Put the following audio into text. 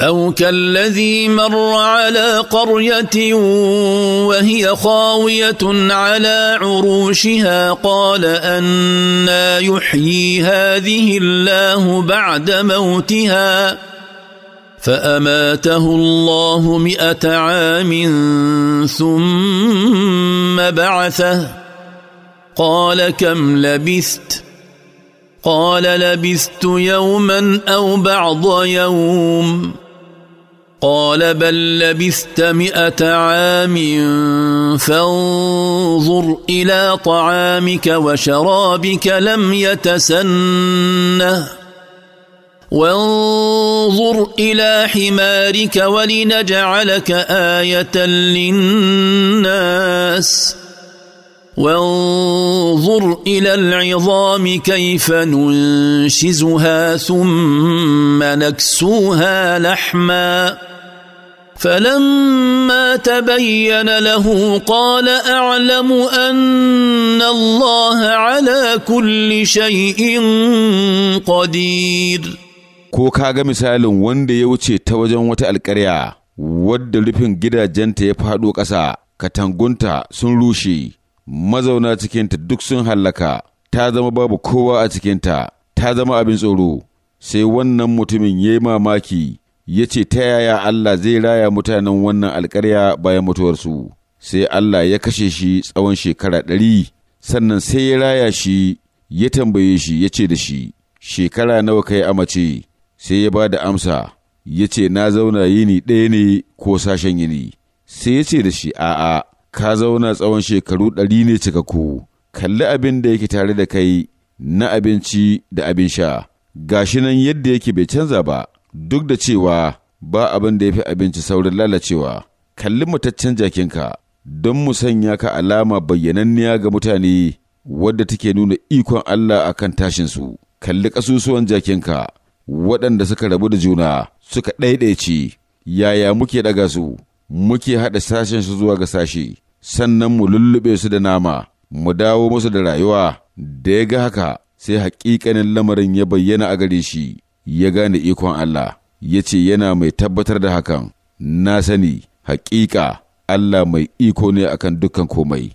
أو كالذي مر على قرية وهي خاوية على عروشها قال أنا يحيي هذه الله بعد موتها فأماته الله مئة عام ثم بعثه قال كم لبثت قال لبثت يوما أو بعض يوم قال بل لبثت مئة عام فانظر إلى طعامك وشرابك لم يتسنه وانظر إلى حمارك ولنجعلك آية للناس وانظر الى العظام كيف ننشزها ثم نكسوها لحما فلما تبين له قال اعلم ان الله على كل شيء قدير ko ka ga misalin wanda ya wuce ta wajen wata alƙarya wadda rufin gidajenta ya faɗo ƙasa katangunta sun rushe mazauna cikinta duk sun hallaka ta zama babu kowa a cikinta ta zama abin tsoro sai wannan mutumin ya yi mamaki ya ce ta yaya Allah zai raya mutanen wannan alkarya bayan mutuwarsu sai Allah ya kashe shi tsawon shekara ɗari sannan sai ya raya shi ya tambaye shi ya ce da shi shekara nawa kai amace sai ya ba da amsa ya ce na zauna yini ɗaya ne ko sashen yini sai ya ce da shi a'a ka zauna tsawon shekaru ɗari ne cikakku, kalli abin da yake tare da kai na abinci da abin sha, gashi nan yadda yake bai canza ba, duk da cewa ba abin da ya fi abinci saurin lalacewa, kalli mataccen jakinka don mu sanya ka alama bayyananniya ga mutane wadda take nuna ikon Allah a kan tashinsu, kalli ƙasusuwan jakinka waɗanda suka rabu da juna suka ɗaiɗaici, yaya muke ɗaga su, muke haɗa sashen su zuwa ga sashe. sannan mu lullube su da nama, mu dawo musu da rayuwa, da ya ga haka sai haƙiƙanin lamarin ya bayyana a gare shi, ya gane ikon Allah, ya ce yana mai tabbatar da hakan, na sani, haƙiƙa Allah mai iko ne akan dukkan komai.